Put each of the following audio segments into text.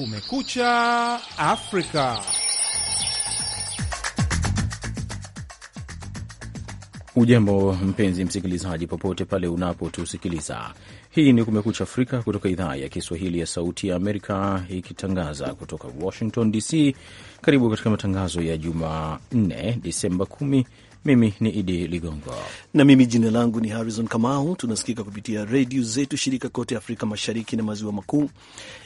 Kumekucha Afrika. Ujambo mpenzi msikilizaji, popote pale unapotusikiliza. Hii ni Kumekucha Afrika kutoka idhaa ya Kiswahili ya Sauti ya Amerika, ikitangaza kutoka Washington DC. Karibu katika matangazo ya Jumanne, Disemba mimi ni Idi Ligongo na mimi jina langu ni Harrison Kamau. Tunasikika kupitia redio zetu shirika kote Afrika Mashariki na Maziwa Makuu,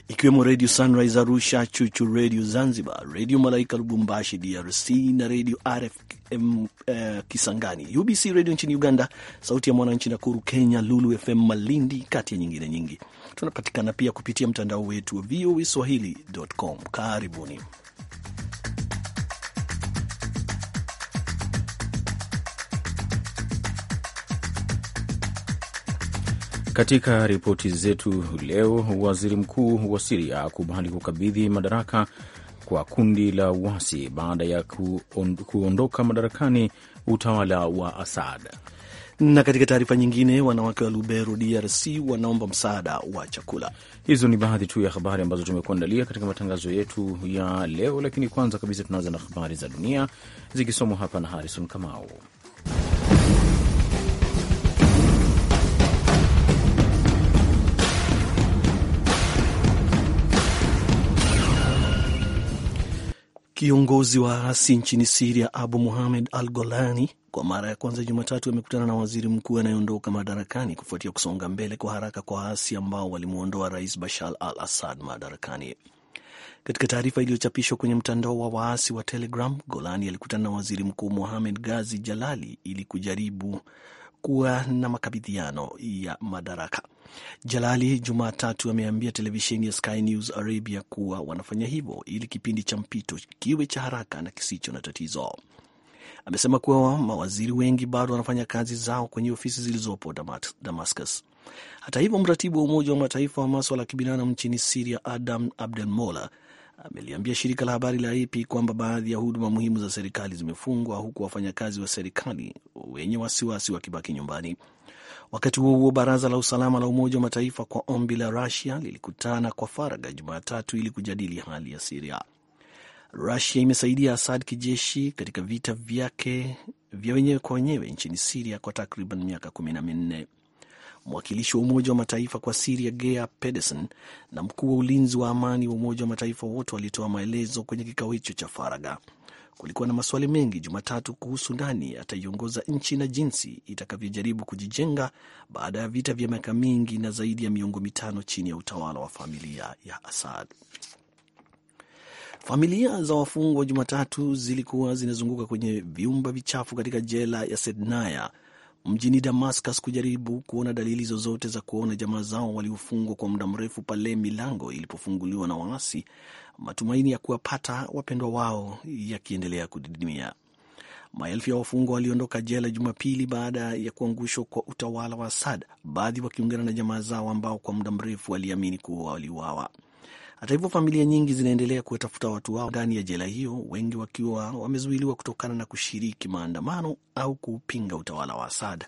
ikiwemo Redio Sunrise Arusha, Chuchu Redio Zanzibar, Redio Malaika Lubumbashi DRC na Redio RFM uh, eh, Kisangani, UBC Redio nchini Uganda, Sauti ya Mwananchi Nakuru Kenya, Lulu FM Malindi, kati ya nyingine nyingi. Tunapatikana pia kupitia mtandao wetu wa VOA Swahili.com. Karibuni. Katika ripoti zetu leo, waziri mkuu wa Siria akubali kukabidhi madaraka kwa kundi la uasi baada ya kuondoka madarakani utawala wa Asad. Na katika taarifa nyingine, wanawake wa Lubero DRC wanaomba msaada wa chakula. Hizo ni baadhi tu ya habari ambazo tumekuandalia katika matangazo yetu ya leo, lakini kwanza kabisa tunaanza na habari za dunia zikisomwa hapa na Harrison Kamau. Kiongozi wa waasi nchini Siria Abu Muhamed Al Golani kwa mara ya kwanza Jumatatu amekutana na waziri mkuu anayeondoka madarakani kufuatia kusonga mbele kwa haraka kwa waasi ambao walimwondoa rais Bashar al Assad madarakani. Katika taarifa iliyochapishwa kwenye mtandao wa waasi wa Telegram, Golani alikutana na waziri mkuu Mohamed Gazi Jalali ili kujaribu kuwa na makabidhiano ya madaraka. Jalali Jumatatu ameambia televisheni ya Sky News Arabia kuwa wanafanya hivyo ili kipindi cha mpito kiwe cha haraka na kisicho na tatizo. Amesema kuwa mawaziri wengi bado wanafanya kazi zao kwenye ofisi zilizopo Damascus. Hata hivyo, mratibu wa Umoja wa Mataifa wa maswala ya kibinadamu nchini Siria Adam Abdelmola ameliambia shirika la habari la AP kwamba baadhi ya huduma muhimu za serikali zimefungwa huku wafanyakazi wa serikali wenye wasiwasi wakibaki nyumbani. Wakati huo huo, baraza la usalama la Umoja wa Mataifa kwa ombi la Rusia lilikutana kwa faraga Jumatatu ili kujadili hali ya Siria. Rusia imesaidia Asad kijeshi katika vita vyake vya wenyewe kwa wenyewe nchini Siria kwa takriban miaka kumi na minne mwakilishi wa Umoja wa Mataifa kwa Siria Gea Pedersen na mkuu wa ulinzi wa amani wa Umoja wa Mataifa wote walitoa maelezo kwenye kikao hicho cha faraga Kulikuwa na maswali mengi Jumatatu kuhusu nani ataiongoza nchi na jinsi itakavyojaribu kujijenga baada ya vita vya miaka mingi na zaidi ya miongo mitano chini ya utawala wa familia ya Assad. Familia za wafungwa Jumatatu zilikuwa zinazunguka kwenye vyumba vichafu katika jela ya Sednaya mjini Damascus kujaribu kuona dalili zozote za kuona jamaa zao waliofungwa kwa muda mrefu pale milango ilipofunguliwa na waasi, matumaini ya kuwapata wapendwa wao yakiendelea kudidimia. Maelfu ya wafungwa waliondoka jela Jumapili baada ya kuangushwa kwa utawala wa Asad, baadhi wakiungana na jamaa zao ambao kwa muda mrefu waliamini kuwa waliuawa. Hata hivyo, familia nyingi zinaendelea kuwatafuta watu wao ndani ya jela hiyo, wengi wakiwa wamezuiliwa kutokana na kushiriki maandamano au kupinga utawala wa Asad.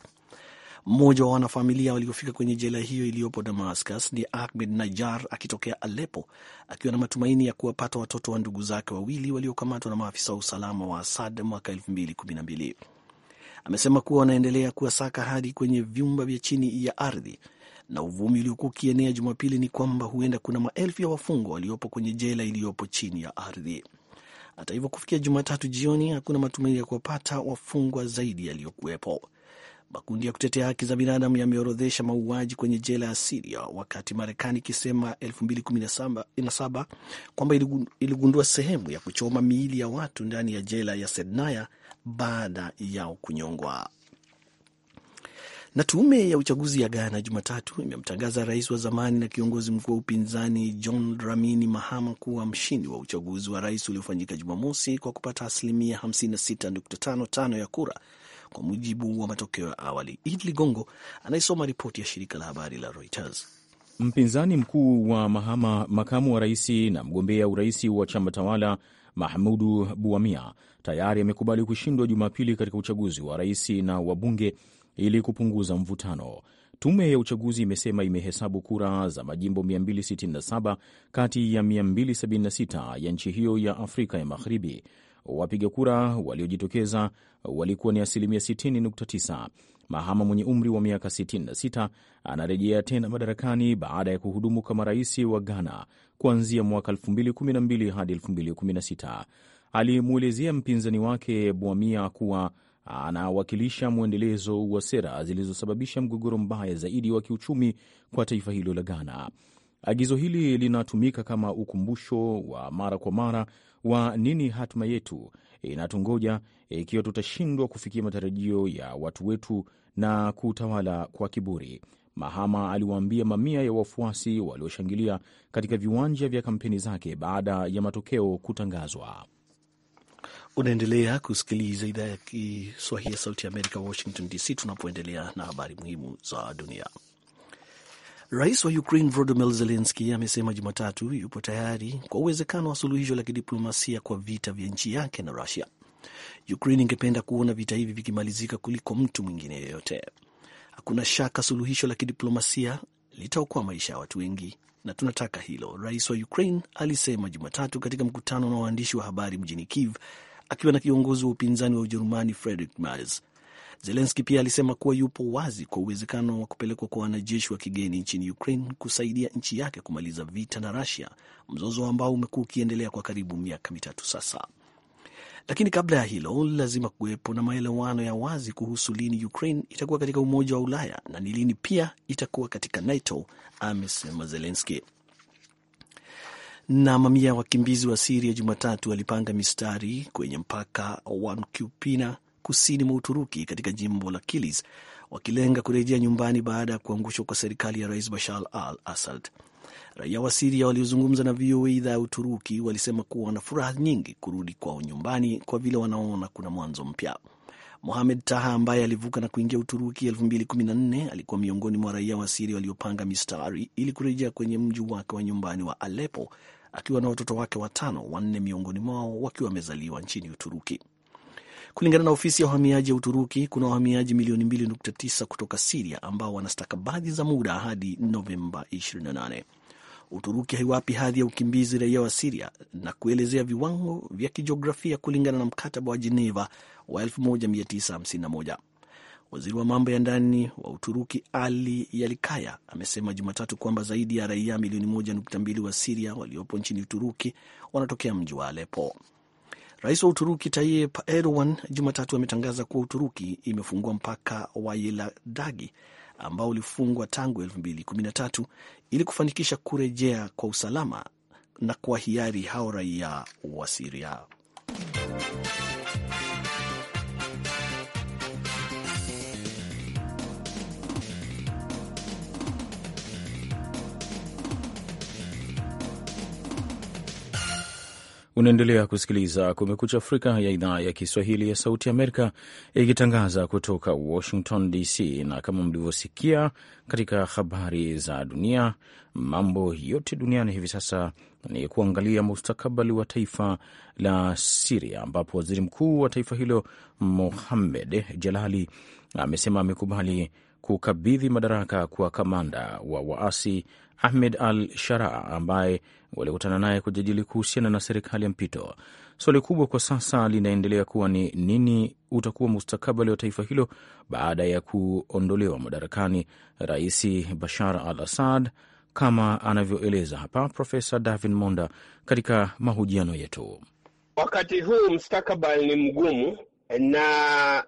Mmoja wa wanafamilia waliofika kwenye jela hiyo iliyopo Damascus ni Ahmed Najar akitokea alepo akiwa na matumaini ya kuwapata watoto wa ndugu zake wawili waliokamatwa na maafisa wa usalama wa Asad mwaka 2012. Amesema kuwa wanaendelea kuwasaka hadi kwenye vyumba vya chini ya ardhi na uvumi uliokuwa ukienea Jumapili ni kwamba huenda kuna maelfu ya wafungwa waliopo kwenye jela iliyopo chini ya ardhi. Hata hivyo, kufikia Jumatatu jioni hakuna matumaini ya kuwapata wafungwa zaidi yaliyokuwepo. Makundi ya kutetea haki za binadamu yameorodhesha mauaji kwenye jela ya Siria, wakati Marekani ikisema 2017 kwamba iligundua sehemu ya kuchoma miili ya watu ndani ya jela ya Sednaya baada yao kunyongwa. Na tume ya uchaguzi ya Ghana Jumatatu imemtangaza rais wa zamani na kiongozi mkuu wa upinzani John Dramani Mahama kuwa mshindi wa uchaguzi wa rais uliofanyika Jumamosi kwa kupata asilimia 56.55 ya kura kwa mujibu wa matokeo ya awali. Idi Ligongo anayesoma ripoti ya shirika la habari la Reuters. Mpinzani mkuu wa Mahama, makamu wa rais na mgombea urais wa chama tawala Mahmudu Buamia tayari amekubali kushindwa Jumapili katika uchaguzi wa rais na wabunge ili kupunguza mvutano. Tume ya uchaguzi imesema imehesabu kura za majimbo 267 kati ya 276 ya nchi hiyo ya Afrika ya Magharibi. Wapiga kura waliojitokeza walikuwa ni asilimia 60.9. Mahama mwenye umri wa miaka 66 anarejea tena madarakani baada ya kuhudumu kama rais wa Ghana kuanzia mwaka 2012 hadi 2016. Alimwelezea mpinzani wake Bwamia kuwa anawakilisha mwendelezo wa sera zilizosababisha mgogoro mbaya zaidi wa kiuchumi kwa taifa hilo la Ghana. Agizo hili linatumika kama ukumbusho wa mara kwa mara wa nini hatima yetu inatungoja ikiwa tutashindwa kufikia matarajio ya watu wetu na kutawala kwa kiburi. Mahama aliwaambia mamia ya wafuasi walioshangilia katika viwanja vya kampeni zake baada ya matokeo kutangazwa. Unaendelea kusikiliza idhaa ya Kiswahili ya Sauti ya Amerika, Washington DC, tunapoendelea na habari muhimu za dunia. Rais wa Ukraine Volodymyr Zelenski amesema Jumatatu yupo tayari kwa uwezekano wa suluhisho la kidiplomasia kwa vita vya nchi yake na Rusia. Ukraine ingependa kuona vita hivi vikimalizika kuliko mtu mwingine yoyote Hakuna shaka suluhisho la kidiplomasia litaokoa maisha ya watu wengi na tunataka hilo, rais wa Ukraine alisema Jumatatu katika mkutano na waandishi wa habari mjini Kiev akiwa na kiongozi wa upinzani wa Ujerumani Friedrich Merz. Zelenski pia alisema kuwa yupo wazi kwa uwezekano wa kupelekwa kwa wanajeshi wa kigeni nchini Ukraine kusaidia nchi yake kumaliza vita na rasia mzozo ambao umekuwa ukiendelea kwa karibu miaka mitatu sasa. Lakini kabla ya hilo, lazima kuwepo na maelewano ya wazi kuhusu lini Ukraine itakuwa katika Umoja wa Ulaya na ni lini pia itakuwa katika NATO, amesema Zelenski na mamia ya wakimbizi wa Siria Jumatatu walipanga mistari kwenye mpaka wa Mkupina kusini mwa Uturuki katika jimbo la Kilis wakilenga kurejea nyumbani baada ya kuangushwa kwa serikali ya Rais Bashar al Assad. Raia wa Siria waliozungumza na VOA idhaa ya Uturuki walisema kuwa wana furaha nyingi kurudi kwao nyumbani kwa vile wanaona kuna mwanzo mpya. Mohamed Taha ambaye alivuka na kuingia Uturuki 2014 alikuwa miongoni mwa raia wa Siria waliopanga mistari ili kurejea kwenye mji wake wa nyumbani wa Aleppo akiwa na watoto wake watano, wanne miongoni mwao wakiwa wamezaliwa nchini Uturuki. Kulingana na ofisi ya uhamiaji ya Uturuki, kuna wahamiaji milioni 2.9 kutoka Siria ambao wanastaka stakabadhi za muda hadi Novemba 28. Uturuki haiwapi hadhi ya ukimbizi raia wa Siria na kuelezea viwango vya kijiografia kulingana na mkataba wa Jeneva wa 1951. Waziri wa mambo ya ndani wa Uturuki Ali Yalikaya amesema Jumatatu kwamba zaidi ya raia milioni moja nukta mbili wa Siria waliopo nchini Uturuki wanatokea mji wa Alepo. Rais wa Uturuki Tayyip Erdogan Jumatatu ametangaza kuwa Uturuki imefungua mpaka wa Yeladagi ambao ulifungwa tangu 2013 ili kufanikisha kurejea kwa usalama na kwa hiari hao raia wa Siria. Unaendelea kusikiliza Kumekucha Afrika ya idhaa ya Kiswahili ya Sauti Amerika ikitangaza kutoka Washington DC, na kama mlivyosikia katika habari za dunia, mambo yote duniani hivi sasa ni kuangalia mustakabali wa taifa la Siria, ambapo waziri mkuu wa taifa hilo Mohamed Jalali amesema amekubali kukabidhi madaraka kwa kamanda wa waasi Ahmed Al Shara ambaye walikutana naye kujadili kuhusiana na serikali ya mpito. Swali kubwa kwa sasa linaendelea kuwa ni nini utakuwa mustakabali wa taifa hilo baada ya kuondolewa madarakani Rais Bashar al Assad, kama anavyoeleza hapa Profesa davin Monda katika mahojiano yetu. Wakati huu mustakabali ni mgumu na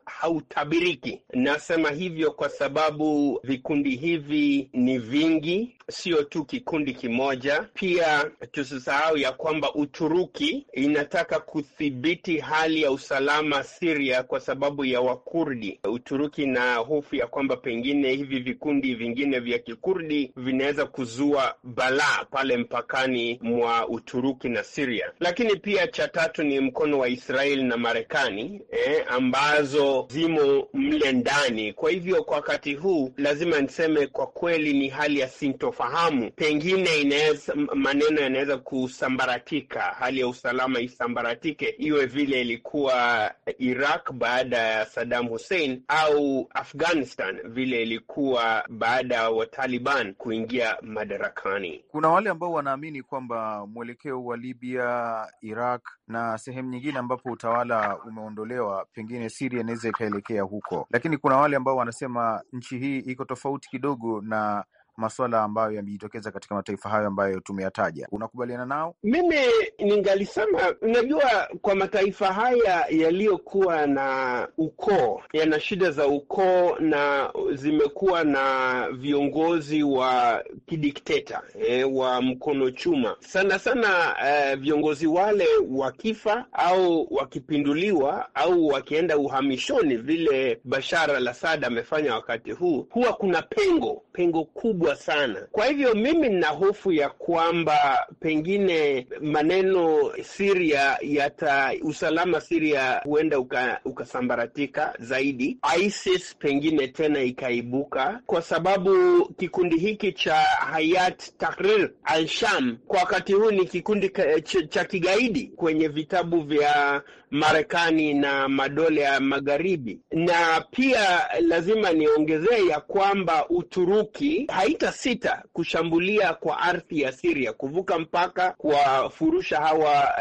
hautabiriki. Nasema hivyo kwa sababu vikundi hivi ni vingi, sio tu kikundi kimoja. Pia tusisahau ya kwamba Uturuki inataka kuthibiti hali ya usalama Siria kwa sababu ya Wakurdi. Uturuki na hofu ya kwamba pengine hivi vikundi vingine vya kikurdi vinaweza kuzua balaa pale mpakani mwa Uturuki na Siria. Lakini pia cha tatu ni mkono wa Israeli na Marekani e, eh, ambazo zimo mle ndani. Kwa hivyo kwa wakati huu lazima niseme kwa kweli ni hali ya sintofahamu, pengine inaweza maneno yanaweza kusambaratika, hali ya usalama isambaratike, iwe vile ilikuwa Iraq baada ya Saddam Hussein au Afghanistan vile ilikuwa baada ya Wataliban kuingia madarakani. Kuna wale ambao wanaamini kwamba mwelekeo wa Libya, Iraq na sehemu nyingine ambapo utawala umeondolewa, pengine siria inaweza ikaelekea huko, lakini kuna wale ambao wanasema nchi hii iko tofauti kidogo na masuala ambayo yamejitokeza katika mataifa hayo ambayo tumeyataja, unakubaliana nao? Mimi ningalisema, unajua, kwa mataifa haya yaliyokuwa na ukoo, yana shida za ukoo na zimekuwa na viongozi wa kidikteta eh, wa mkono chuma sana sana. Eh, viongozi wale wakifa au wakipinduliwa au wakienda uhamishoni, vile Bashar al-Assad amefanya wakati huu, huwa kuna pengo pengo kubwa kubwa sana. Kwa hivyo mimi nina hofu ya kwamba pengine maneno siria yata usalama siria huenda uka, ukasambaratika zaidi, ISIS pengine tena ikaibuka, kwa sababu kikundi hiki cha Hayat Tahrir al-Sham kwa wakati huu ni kikundi cha kigaidi kwenye vitabu vya Marekani na madola ya magharibi. Na pia lazima niongezee ya kwamba Uturuki haitasita kushambulia kwa ardhi ya Siria, kuvuka mpaka, kuwafurusha hawa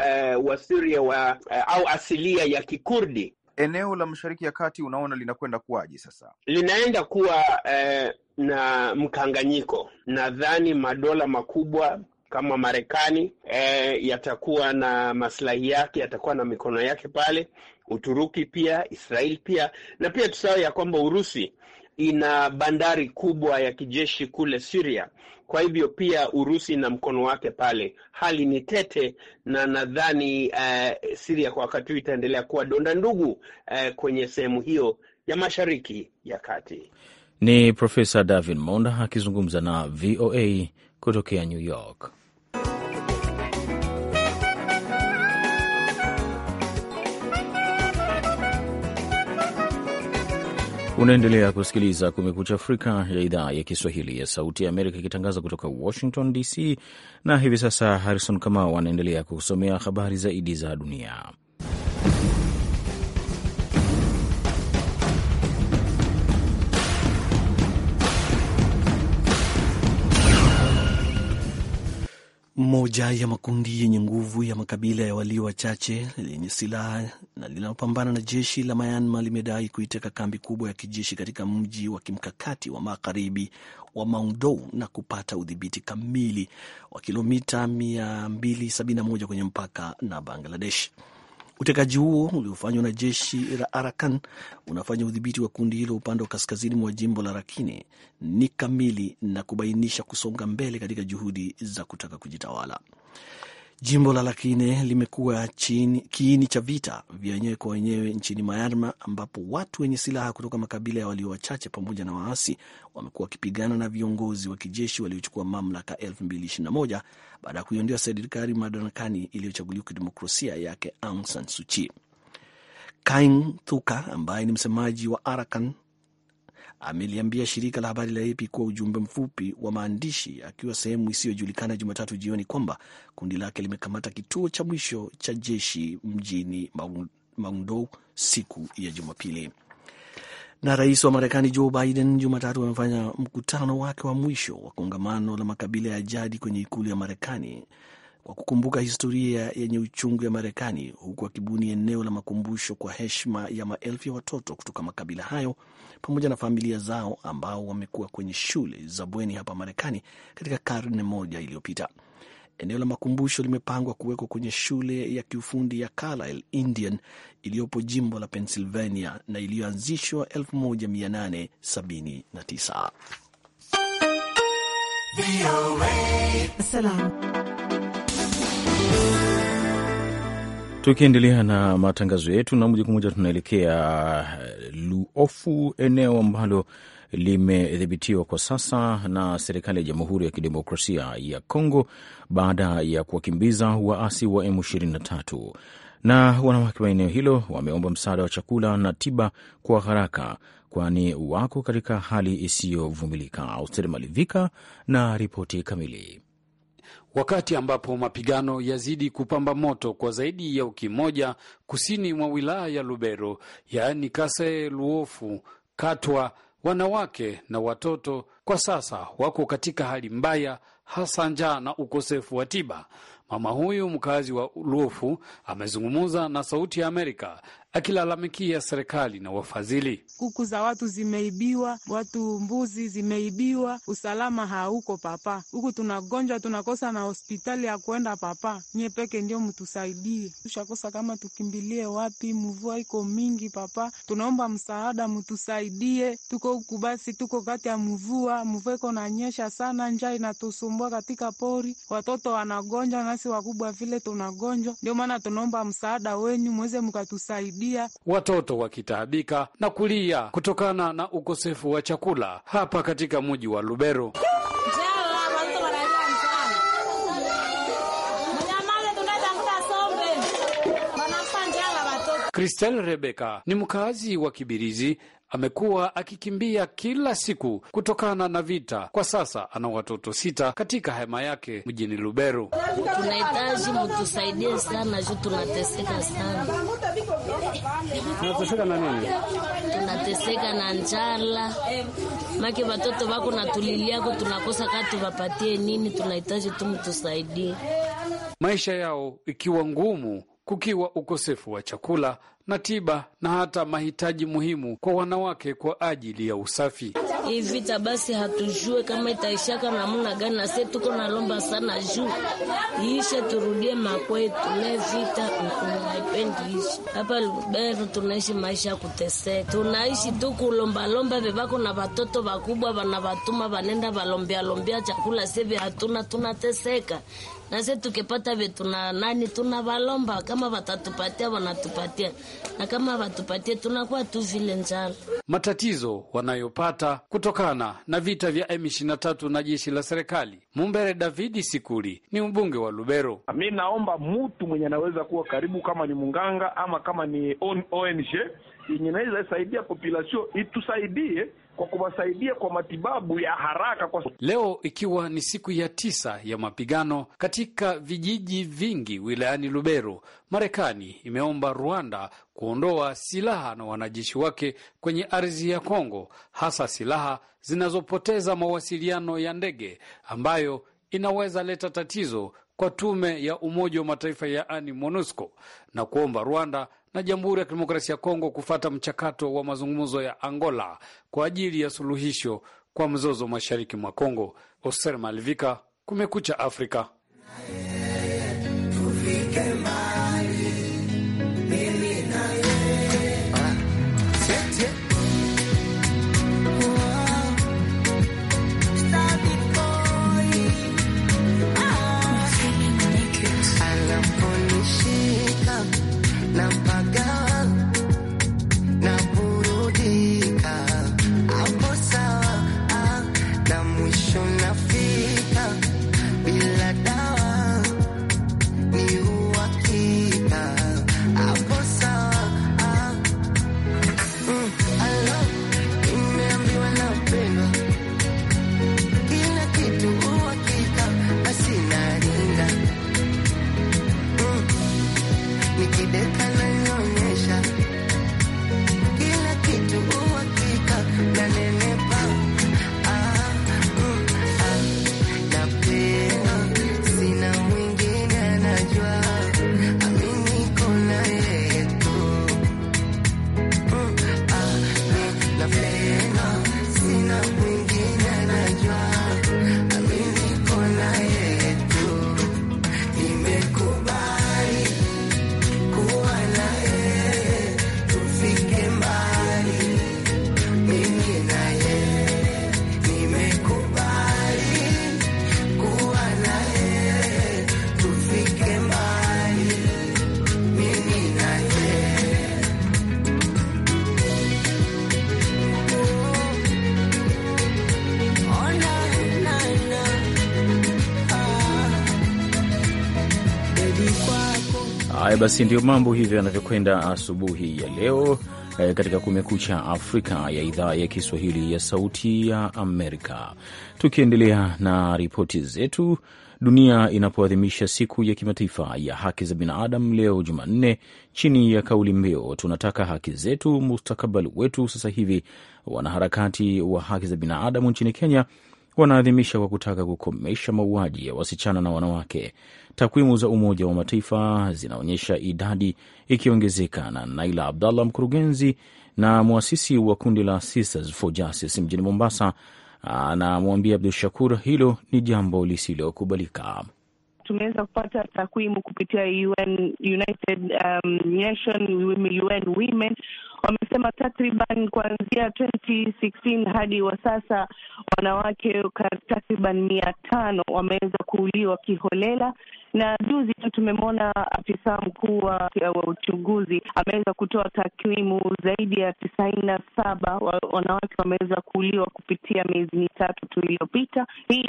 e, Siria wa, e, au asilia ya Kikurdi. Eneo la Mashariki ya Kati unaona linakwenda kuwaje sasa? Linaenda kuwa e, na mkanganyiko. Nadhani madola makubwa kama Marekani eh, yatakuwa na maslahi yake, yatakuwa na mikono yake pale, Uturuki pia, israel pia, na pia tusahau ya kwamba Urusi ina bandari kubwa ya kijeshi kule Syria. Kwa hivyo pia Urusi na mkono wake pale. Hali ni tete, na nadhani uh, Syria kwa wakati huu itaendelea kuwa donda ndugu uh, kwenye sehemu hiyo ya Mashariki ya Kati. Ni Profesa David Monda akizungumza na VOA kutokea New York. Unaendelea kusikiliza Kumekucha Afrika ya idhaa ya Kiswahili ya Sauti ya Amerika ikitangaza kutoka Washington DC, na hivi sasa Harrison Kamau anaendelea kusomea habari zaidi za dunia. moja ya makundi yenye nguvu ya makabila ya walio wachache lenye silaha na linalopambana na jeshi la Myanmar limedai kuiteka kambi kubwa ya kijeshi katika mji wa kimkakati wa magharibi wa maundou na kupata udhibiti kamili wa kilomita 271 kwenye mpaka na Bangladesh. Utekaji huo uliofanywa na jeshi la Arakan unafanya udhibiti wa kundi hilo upande wa kaskazini mwa jimbo la Rakine ni kamili na kubainisha kusonga mbele katika juhudi za kutaka kujitawala. Jimbo la Rakhine limekuwa kiini cha vita vya wenyewe kwa wenyewe nchini Myanmar, ambapo watu wenye silaha kutoka makabila ya walio wachache pamoja na waasi wamekuwa wakipigana na viongozi wa kijeshi waliochukua mamlaka 2021 baada ya kuiondoa serikali madarakani iliyochaguliwa kidemokrasia yake Aung San Suu Kyi. Kain Thuka ambaye ni msemaji wa Arakan ameliambia shirika la habari la AP kuwa ujumbe mfupi wa maandishi akiwa sehemu isiyojulikana Jumatatu jioni kwamba kundi lake limekamata kituo cha mwisho cha jeshi mjini Maundou siku ya Jumapili. Na rais wa Marekani Joe Biden Jumatatu amefanya mkutano wake wa mwisho wa kongamano la makabila ya jadi kwenye ikulu ya Marekani kwa kukumbuka historia yenye uchungu ya Marekani, huku akibuni eneo la makumbusho kwa heshima ya maelfu ya watoto kutoka makabila hayo pamoja na familia zao ambao wamekuwa kwenye shule za bweni hapa Marekani katika karne moja iliyopita. Eneo la makumbusho limepangwa kuwekwa kwenye shule ya kiufundi ya Carlisle Indian iliyopo jimbo la Pennsylvania na iliyoanzishwa 1879. Tukiendelea na matangazo yetu, na moja kwa moja tunaelekea eh, Luofu, eneo ambalo limedhibitiwa kwa sasa na serikali ya Jamhuri ya Kidemokrasia ya Kongo baada ya kuwakimbiza waasi wa M23 na wanawake wa eneo hilo wameomba msaada wa chakula na tiba kwa haraka, kwani wako katika hali isiyovumilika. Austeri Malivika na ripoti kamili. Wakati ambapo mapigano yazidi kupamba moto kwa zaidi ya wiki moja kusini mwa wilaya ya Lubero, yaani kasee Luofu, Katwa, wanawake na watoto kwa sasa wako katika hali mbaya, hasa njaa na ukosefu wa tiba. Mama huyu mkazi wa Luofu amezungumza na Sauti ya Amerika akilalamikia serikali na wafadhili. Kuku za watu zimeibiwa, watu mbuzi zimeibiwa, usalama hauko papa. Huku tunagonjwa tunakosa na hospitali ya kuenda papa, nye peke ndio mtusaidie, tushakosa kama tukimbilie wapi, mvua iko mingi papa, tunaomba msaada mtusaidie, tuko huku basi, tuko kati ya mvua, mvua iko nanyesha sana, njaa inatusumbua katika pori, watoto wanagonjwa nasi wakubwa vile tunagonjwa, ndio maana tunaomba msaada wenyu mweze mkatusaidia familia, watoto wakitaabika na kulia kutokana na ukosefu wa chakula hapa katika mji wa Lubero. Kristel Rebeka ni mkazi wa Kibirizi. Amekuwa akikimbia kila siku kutokana na vita. Kwa sasa ana watoto sita katika hema yake mjini Lubero. Tunahitaji mtusaidie sana juu tunateseka sana. Tunateseka na nini? Tunateseka na njala, make watoto wako na tuliliako, tunakosa kati tuwapatie nini, tunahitaji tu mtusaidie maisha yao ikiwa ngumu kukiwa ukosefu wa chakula na tiba na hata mahitaji muhimu kwa wanawake kwa ajili ya usafi. Hii vita basi hatujue kama itaishaka namna gani, nase tuko lomba sana juu iishe, turudie makwetu. Le vita naipendi ishi hapa Lubero, tunaishi maisha ya kuteseka, tunaishi tu kulombalomba. Vevako na vatoto vakubwa vanavatuma vanenda valombealombea chakula, sevi hatuna, tunateseka na sisi tukipata vitu na nani tunavalomba, kama watatupatia wanatupatia, na kama watupatie tunakuwa tu vile njala. Matatizo wanayopata kutokana na vita vya M23 na jeshi la serikali. Mumbere Davidi Sikuri ni mbunge wa Lubero. Mi naomba mtu mwenye anaweza kuwa karibu, kama ni munganga ama kama ni ONG yenye naweza saidia population itusaidie kwa kuwasaidia kwa matibabu ya haraka kwa... Leo ikiwa ni siku ya tisa ya mapigano katika vijiji vingi wilayani Lubero, Marekani imeomba Rwanda kuondoa silaha na wanajeshi wake kwenye ardhi ya Kongo, hasa silaha zinazopoteza mawasiliano ya ndege ambayo inaweza leta tatizo kwa tume ya Umoja wa Mataifa yaani MONUSCO na kuomba Rwanda na Jamhuri ya Kidemokrasia ya Kongo kufata mchakato wa mazungumzo ya Angola kwa ajili ya suluhisho kwa mzozo mashariki mwa Kongo. Oser Malivika, Kumekucha Afrika. basi ndiyo mambo hivyo yanavyokwenda asubuhi ya leo e, katika Kumekucha Afrika ya idhaa ya Kiswahili ya Sauti ya Amerika. Tukiendelea na ripoti zetu, dunia inapoadhimisha siku ya kimataifa ya haki za binadamu leo Jumanne, chini ya kauli mbiu tunataka haki zetu, mustakabali wetu sasa hivi, wanaharakati wa haki za binadamu nchini Kenya wanaadhimisha kwa kutaka kukomesha mauaji ya wasichana na wanawake. Takwimu za Umoja wa Mataifa zinaonyesha idadi ikiongezeka, na Naila Abdallah, mkurugenzi na mwasisi wa kundi la Sisters for Justice mjini Mombasa, anamwambia Abdu Shakur hilo ni jambo lisilokubalika. Tumeweza kupata takwimu kupitia UN, United um, Nation, UN Women wamesema takriban kuanzia 2016 hadi wa sasa wanawake takriban mia tano wameweza kuuliwa kiholela, na juzi tu tumemwona afisa mkuu wa uchunguzi ameweza kutoa takwimu zaidi ya tisaini na saba wanawake wameweza kuuliwa kupitia miezi mitatu tu iliyopita. Hii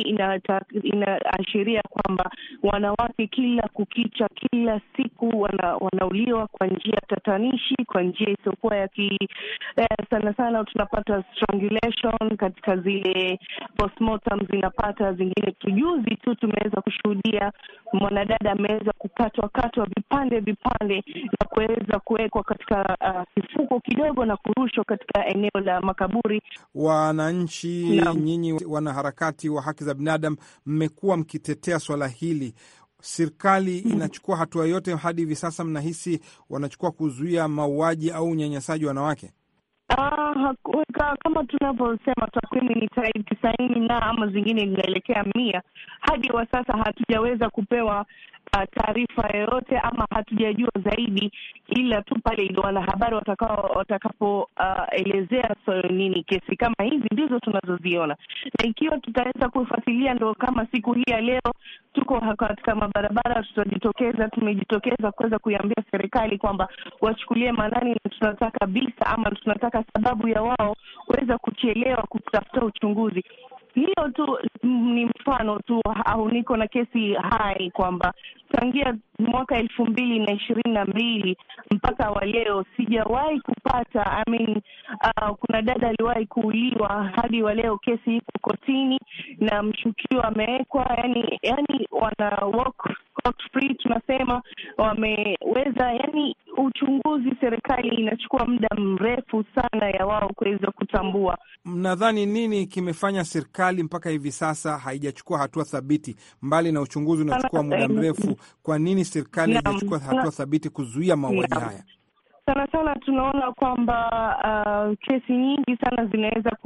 inaashiria ina kwamba wanawake kila kukicha, kila siku wana, wanauliwa kwa njia tatanishi, kwa njia isiyokuwa ya ki eh, sana sana tunapata strangulation katika zile postmortem zinapata zingine. Tujuzi tu tumeweza kushuhudia mwanadada ameweza kukatwa katwa vipande vipande na kuweza kuwekwa katika ah, kifuko uh, kidogo na kurushwa katika eneo la makaburi. Wananchi Nyinyi wanaharakati wa haki za binadamu mmekuwa mkitetea swala hili serikali inachukua hatua yote hadi hivi sasa mnahisi wanachukua kuzuia mauaji au unyanyasaji wanawake? Uh, kama tunavyosema takwimu ni tisaini na ama zingine zinaelekea mia. Hadi wa sasa hatujaweza kupewa Uh, taarifa yoyote ama hatujajua zaidi, ila tu pale wanahabari watakapoelezea uh, nini kesi kama hizi ndizo tunazoziona, na ikiwa tutaweza kufuatilia ndo kama siku hii ya leo tuko katika mabarabara, tutajitokeza, tumejitokeza kuweza kuiambia serikali kwamba wachukulie maanani, na tunataka bisa ama tunataka sababu ya wao kuweza kuchelewa kutafuta uchunguzi hiyo tu ni mfano tu, au niko na kesi hai kwamba tangia mwaka elfu mbili na ishirini na mbili mpaka wa leo sijawahi kupata I mean, uh, kuna dada aliwahi kuuliwa, hadi wa leo kesi iko kotini na mshukiwa amewekwa, yani, yani wana walk Free tunasema wameweza, yani uchunguzi, serikali inachukua muda mrefu sana ya wao kuweza kutambua. Mnadhani nini kimefanya serikali mpaka hivi sasa haijachukua hatua thabiti, mbali na uchunguzi unachukua muda mrefu? Kwa nini serikali haijachukua hatua thabiti kuzuia mauaji haya? sana sana tunaona kwamba uh, kesi nyingi sana zinaweza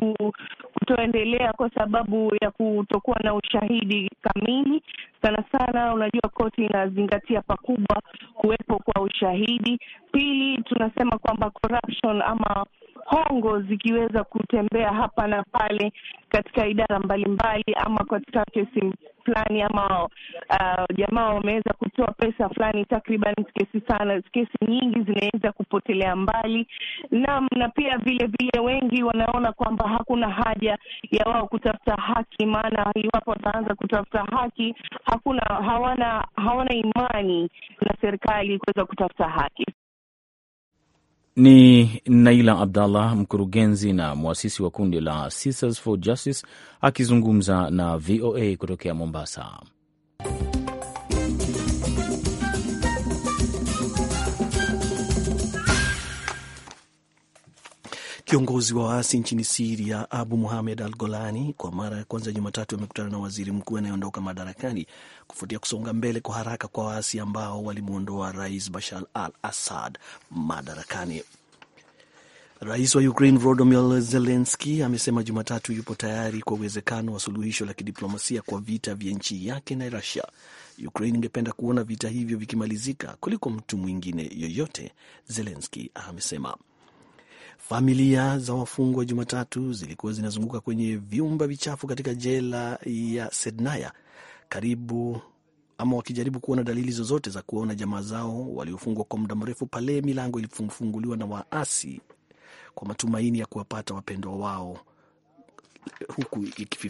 kutoendelea kwa sababu ya kutokuwa na ushahidi kamili. Sana sana, unajua koti inazingatia pakubwa kuwepo kwa ushahidi. Pili, tunasema kwamba corruption ama hongo zikiweza kutembea hapa na pale katika idara mbalimbali mbali, ama katika kesi fulani ama uh, jamaa wameweza kutoa pesa fulani. Takriban kesi sana, kesi nyingi zinaweza kupotelea mbali na, na pia vile vile wengi wanaona kwamba hakuna haja ya wao kutafuta haki, maana iwapo wataanza kutafuta haki hakuna, hawana hawana imani na serikali kuweza kutafuta haki. Ni Naila Abdallah, mkurugenzi na mwasisi wa kundi la Sisters for Justice akizungumza na VOA kutokea Mombasa. Kiongozi wa waasi nchini Siria Abu Muhamed al Golani kwa mara ya kwanza Jumatatu amekutana na waziri mkuu anayeondoka madarakani kufuatia kusonga mbele kwa haraka kwa waasi ambao walimwondoa rais Bashar al Assad madarakani. Rais wa Ukraine Volodymyr zelenski amesema Jumatatu yupo tayari kwa uwezekano wa suluhisho la kidiplomasia kwa vita vya nchi yake na rasia Ukraine ingependa kuona vita hivyo vikimalizika kuliko mtu mwingine yoyote, zelenski amesema. Familia za wafungwa Jumatatu zilikuwa zinazunguka kwenye vyumba vichafu katika jela ya Sednaya karibu ama wakijaribu kuona dalili zozote za kuwaona jamaa zao waliofungwa kwa muda mrefu pale milango ilifunguliwa na waasi kwa matumaini ya kuwapata wapendwa wao huku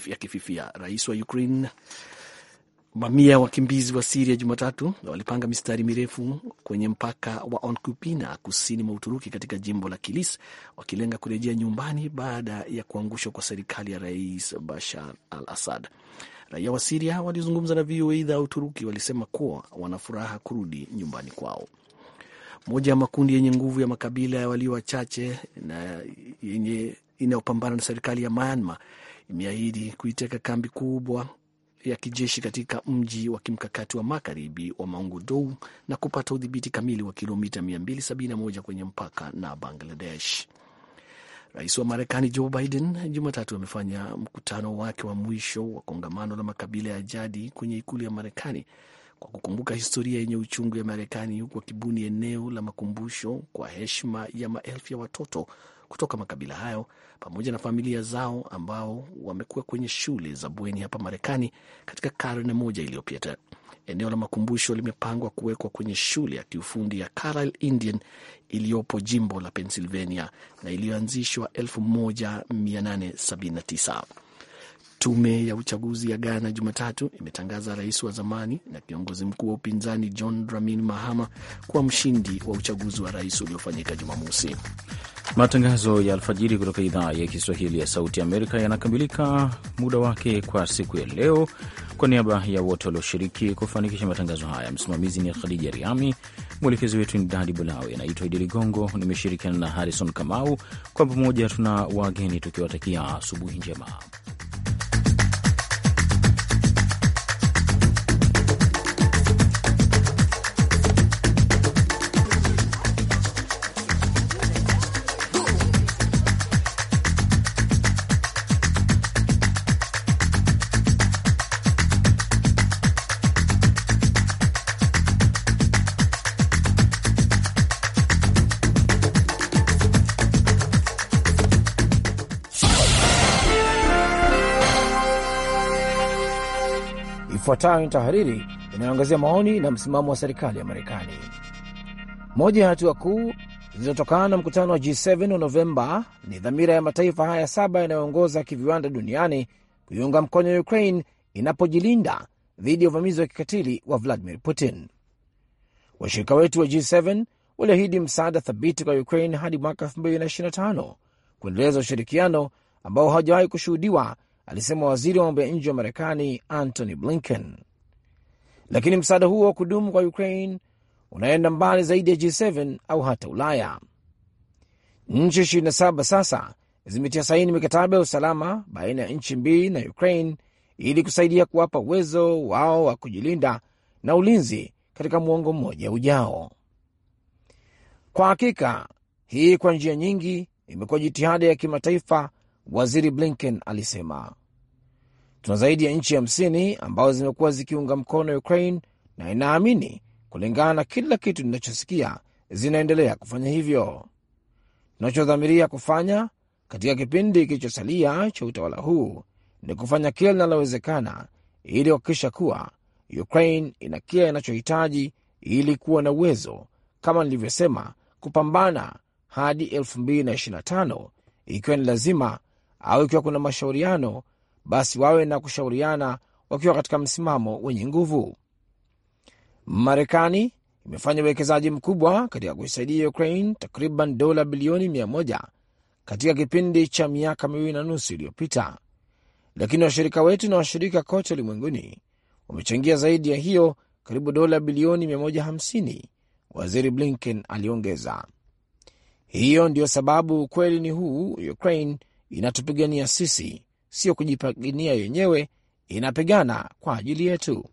yakififia. Rais wa Ukraine Mamia ya wakimbizi wa Siria Jumatatu walipanga mistari mirefu kwenye mpaka wa Onkupina kusini mwa Uturuki katika jimbo la Kilis wakilenga kurejea nyumbani baada ya kuangushwa kwa serikali ya Rais Bashar al Assad. Raia wa Siria walizungumza na VOA idhaa ya Uturuki walisema kuwa wanafuraha kurudi nyumbani kwao. Moja ya makundi yenye nguvu ya makabila ya walio wachache na yenye inayopambana na serikali ya Myanmar imeahidi kuiteka kambi kubwa ya kijeshi katika mji wa kimkakati wa magharibi wa Maungudou na kupata udhibiti kamili wa kilomita 271 kwenye mpaka na Bangladesh. Rais wa Marekani Joe Biden Jumatatu amefanya mkutano wake wa mwisho wa kongamano la makabila ya jadi kwenye ikulu ya Marekani kwa kukumbuka historia yenye uchungu ya Marekani, huku wakibuni eneo la makumbusho kwa heshima ya maelfu ya watoto kutoka makabila hayo pamoja na familia zao ambao wamekuwa kwenye shule za bweni hapa Marekani katika karne moja iliyopita. Eneo la makumbusho limepangwa kuwekwa kwenye shule ya kiufundi ya Carroll Indian iliyopo jimbo la Pennsylvania na iliyoanzishwa 1879. Tume ya uchaguzi ya Ghana Jumatatu imetangaza rais wa zamani na kiongozi mkuu wa upinzani John Dramani Mahama kuwa mshindi wa uchaguzi wa rais uliofanyika Jumamosi. Matangazo ya alfajiri kutoka idhaa ya Kiswahili ya Sauti Amerika yanakamilika muda wake kwa siku ya leo. Kwa niaba ya wote walioshiriki kufanikisha matangazo haya, msimamizi ni Khadija Riami, mwelekezi wetu ni Dadi Bulawe. Anaitwa Idi Ligongo, nimeshirikiana na Harrison Kamau. Kwa pamoja tuna wageni tukiwatakia asubuhi njema. Ifuatayo ni tahariri inayoangazia maoni na msimamo wa serikali ya Marekani. Moja ya hatua kuu zilizotokana na mkutano wa G7 wa Novemba ni dhamira ya mataifa haya saba yanayoongoza kiviwanda duniani kuiunga mkono Ukraine inapojilinda dhidi ya uvamizi wa kikatili wa Vladimir Putin. Washirika wetu wa G7 waliahidi msaada thabiti kwa Ukraine hadi mwaka 2025 kuendeleza ushirikiano ambao hawajawahi kushuhudiwa alisema waziri wa mambo ya nje wa Marekani Antony Blinken. Lakini msaada huo wa kudumu kwa Ukraine unaenda mbali zaidi ya G7 au hata Ulaya. Nchi 27 sasa zimetia saini mikataba ya usalama baina ya nchi mbili na Ukraine ili kusaidia kuwapa uwezo wao wa kujilinda na ulinzi katika mwongo mmoja ujao. Kwa hakika hii, kwa njia nyingi, imekuwa jitihada ya kimataifa Waziri Blinken alisema tuna zaidi ya nchi hamsini ambazo zimekuwa zikiunga mkono Ukraine na inaamini kulingana na kila kitu tunachosikia zinaendelea kufanya hivyo. Tunachodhamiria kufanya katika kipindi kilichosalia cha utawala huu ni kufanya kila linalowezekana ili kuhakikisha kuwa Ukraine ina kila inachohitaji ili kuwa na uwezo, kama nilivyosema, kupambana hadi 2025 ikiwa ni lazima, au ikiwa kuna mashauriano, basi wawe na kushauriana wakiwa katika msimamo wenye nguvu. Marekani imefanya uwekezaji mkubwa katika kuisaidia Ukraine, takriban dola bilioni mia moja katika kipindi cha miaka miwili na nusu iliyopita, lakini washirika wetu na washirika kote ulimwenguni wamechangia zaidi ya hiyo, karibu dola bilioni 150, Waziri Blinken aliongeza. Hiyo ndiyo sababu ukweli ni huu, Ukraine inatupigania sisi, sio kujipigania yenyewe, inapigana kwa ajili yetu.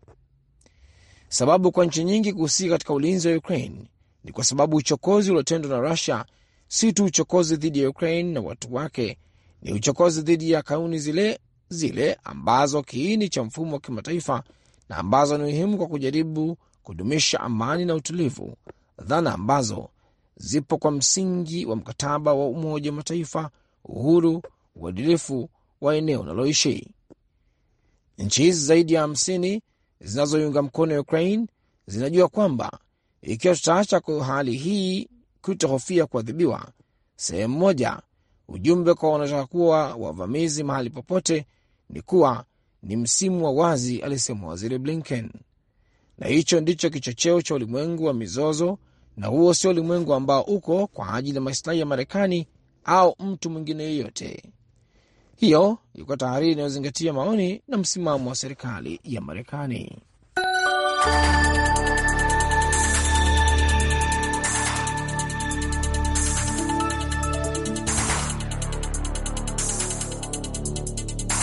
Sababu kwa nchi nyingi kuhusika katika ulinzi wa Ukraine ni kwa sababu uchokozi uliotendwa na Rusia si tu uchokozi dhidi ya Ukraine na watu wake, ni uchokozi dhidi ya kauni zile zile ambazo kiini cha mfumo wa kimataifa na ambazo ni muhimu kwa kujaribu kudumisha amani na utulivu, dhana ambazo zipo kwa msingi wa mkataba wa Umoja wa Mataifa uhuru, uadilifu wa eneo unaloishi. Nchi hizi zaidi ya hamsini zinazoiunga mkono Ukraine zinajua kwamba ikiwa tutaacha kwa hali hii kutohofia kuadhibiwa sehemu moja, ujumbe kwa wanaotaka kuwa wavamizi mahali popote ni kuwa ni msimu wa wazi, alisema Waziri Blinken. Na hicho ndicho kichocheo cha ulimwengu wa mizozo, na huo sio ulimwengu ambao uko kwa ajili ya masilahi ya Marekani au mtu mwingine yeyote. Hiyo ilikuwa tahariri inayozingatia maoni na msimamo wa serikali ya Marekani.